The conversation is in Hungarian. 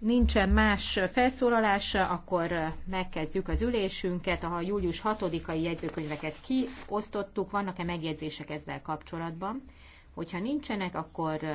nincsen más felszólalása, akkor megkezdjük az ülésünket. A július 6-ai jegyzőkönyveket kiosztottuk. Vannak-e megjegyzések ezzel kapcsolatban? Hogyha nincsenek, akkor